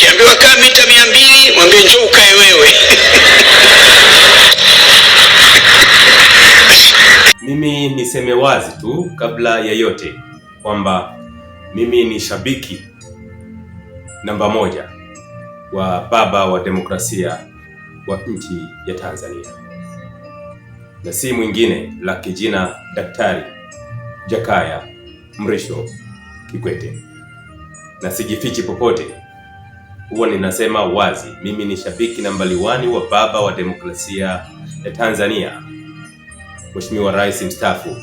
Ukiambiwa kaa mita mia mbili mwambie njo ukae wewe. Mimi niseme wazi tu kabla ya yote kwamba mimi ni shabiki namba moja wa baba wa demokrasia wa nchi ya Tanzania na si mwingine la kijina Daktari Jakaya Mrisho Kikwete, na sijifichi popote huwa ninasema wazi, mimi ni shabiki nambari wani wa baba wa demokrasia ya Tanzania, Mheshimiwa Rais mstaafu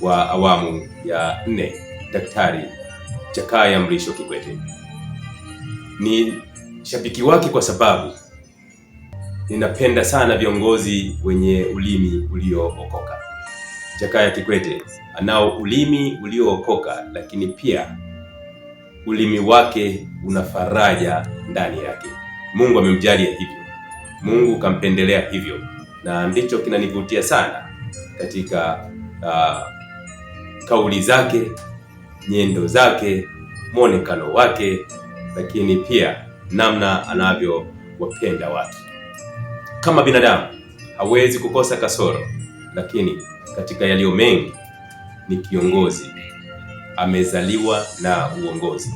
wa awamu ya nne Daktari Jakaya Mrisho Kikwete. Ni shabiki wake kwa sababu ninapenda sana viongozi wenye ulimi uliookoka. Jakaya Kikwete anao ulimi uliookoka, lakini pia ulimi wake una faraja ndani yake. Mungu amemjalia hivyo, Mungu kampendelea hivyo, na ndicho kinanivutia sana katika uh, kauli zake, nyendo zake, mwonekano wake, lakini pia namna anavyowapenda watu. Kama binadamu hawezi kukosa kasoro, lakini katika yaliyo mengi ni kiongozi amezaliwa na uongozi.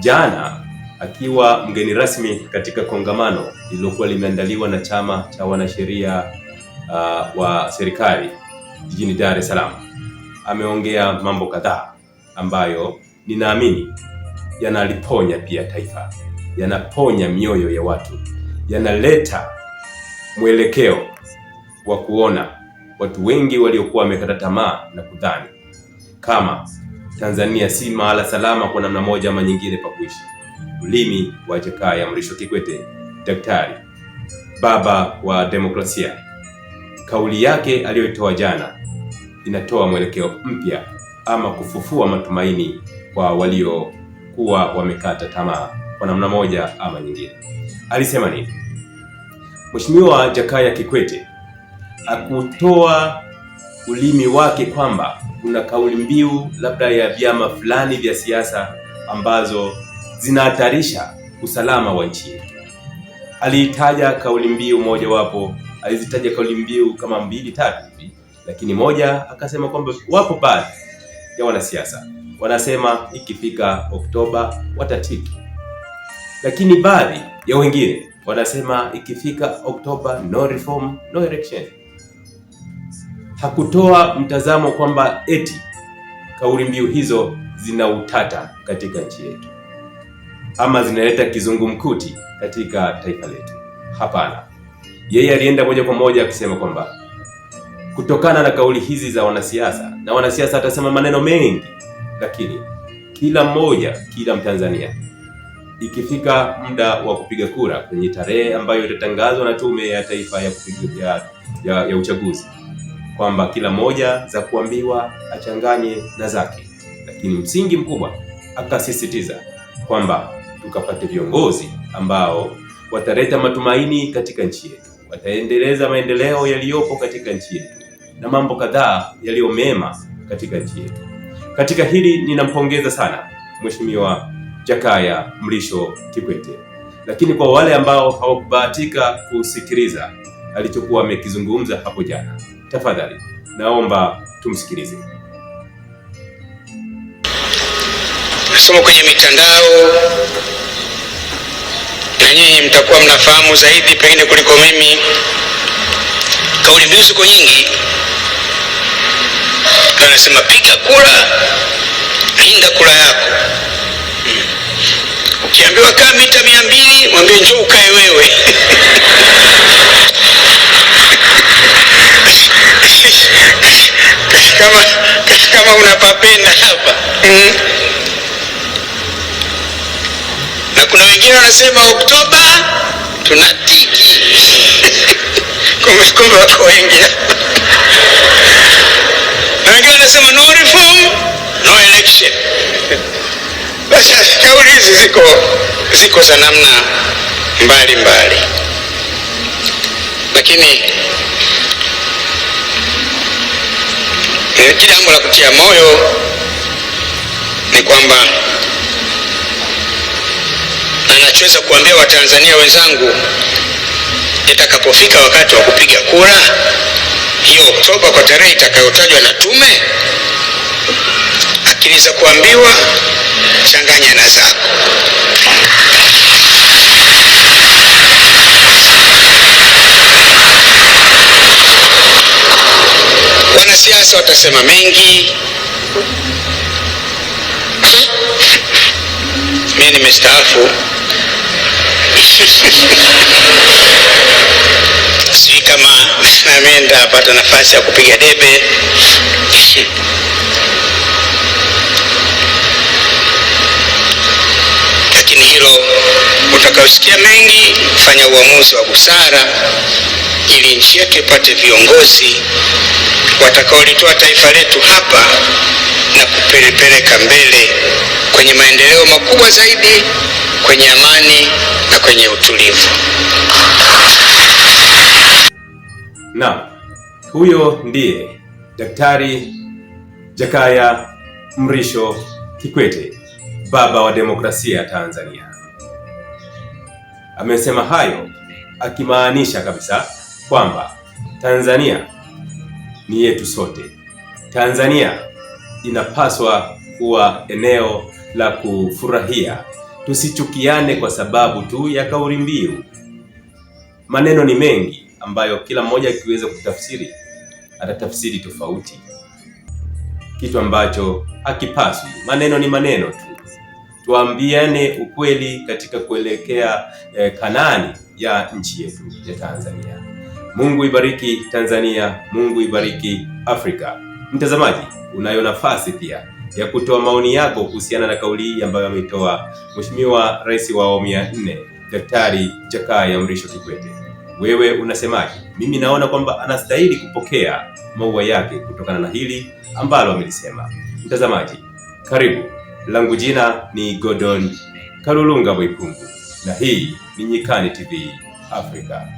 Jana akiwa mgeni rasmi katika kongamano lililokuwa limeandaliwa na chama cha wanasheria uh, wa serikali jijini Dar es Salaam, ameongea mambo kadhaa ambayo ninaamini yanaliponya pia taifa, yanaponya mioyo ya watu, yanaleta mwelekeo wa kuona watu wengi waliokuwa wamekata tamaa na kudhani kama Tanzania si mahala salama kwa namna moja ama nyingine pa kuishi. Ulimi wa Jakaya Mrisho Kikwete, daktari baba wa demokrasia, kauli yake aliyoitoa jana inatoa mwelekeo mpya ama kufufua matumaini kwa waliokuwa wamekata tamaa kwa namna moja ama nyingine. Alisema nini? Mheshimiwa Jakaya Kikwete akutoa ulimi wake kwamba kuna kauli mbiu labda ya vyama fulani vya siasa ambazo zinahatarisha usalama wa nchi yetu. Aliitaja kauli mbiu mojawapo, alizitaja kauli mbiu kama mbili tatu hivi, lakini moja akasema kwamba wapo baadhi ya wanasiasa wanasema ikifika Oktoba watatiki, lakini baadhi ya wengine wanasema ikifika Oktoba no reform, no election hakutoa mtazamo kwamba eti kauli mbiu hizo zina utata katika nchi yetu ama zinaleta kizungumkuti katika taifa letu. Hapana, yeye alienda moja kwa moja akisema kwamba kutokana na kauli hizi za wanasiasa, na wanasiasa atasema maneno mengi, lakini kila mmoja, kila Mtanzania ikifika muda wa kupiga kura kwenye tarehe ambayo itatangazwa na Tume ya Taifa ya kupiga ya, ya, ya uchaguzi kwamba kila moja za kuambiwa achanganye na zake, lakini msingi mkubwa akasisitiza kwamba tukapate viongozi ambao wataleta matumaini katika nchi yetu, wataendeleza maendeleo yaliyopo katika nchi yetu na mambo kadhaa yaliyo mema katika nchi yetu. Katika hili ninampongeza sana Mheshimiwa Jakaya Mrisho Kikwete, lakini kwa wale ambao hawakubahatika kusikiliza alichokuwa amekizungumza hapo jana Tafadhali naomba tumsikilize. Somo kwenye mitandao na nyinyi mtakuwa mnafahamu zaidi pengine kuliko mimi. Kauli mbiu ziko nyingi, anasema piga kura, linda kura yako. Ukiambiwa kaa mita mia mbili, mwambie njoo ukae wewe kama kesi kama unapapenda hapa mm. Na kuna wengine wanasema Oktoba tunatiki kumshukuru wako wengi na wengine wanasema no reform no election. Basi kauli hizi ziko ziko za namna mbalimbali, lakini E, jambo la kutia moyo ni kwamba anachoweza kuambia Watanzania wenzangu itakapofika wakati wa kupiga kura hiyo Oktoba kwa tarehe itakayotajwa na tume, akili za kuambiwa changanya na zako. Wanasiasa watasema mengi. Mimi nimestaafu si kama nami nitapata nafasi ya kupiga debe lakini hilo, utakaosikia mengi, fanya uamuzi wa busara ili nchi yetu ipate viongozi watakaolitoa taifa letu hapa na kupelepeleka mbele kwenye maendeleo makubwa zaidi, kwenye amani na kwenye utulivu. Na huyo ndiye Daktari Jakaya Mrisho Kikwete, baba wa demokrasia ya Tanzania. Amesema hayo akimaanisha kabisa kwamba Tanzania ni yetu sote. Tanzania inapaswa kuwa eneo la kufurahia. Tusichukiane kwa sababu tu ya kauli mbiu. Maneno ni mengi ambayo kila mmoja akiweza kutafsiri atatafsiri tofauti, kitu ambacho hakipaswi. Maneno ni maneno tu. Tuambiane ukweli katika kuelekea eh, Kanani ya nchi yetu ya Tanzania. Mungu ibariki Tanzania, Mungu ibariki Afrika. Mtazamaji, unayo nafasi pia ya kutoa maoni yako kuhusiana na kauli hii ambayo ametoa Mheshimiwa Rais wa awamu ya nne Daktari Jakaya Mrisho Kikwete. Wewe unasemaje? Mimi naona kwamba anastahili kupokea maua yake kutokana na hili ambalo amelisema. Mtazamaji, karibu. Langu jina ni Gordon Kalulunga Bwikungu na hii ni Nyikani TV Afrika.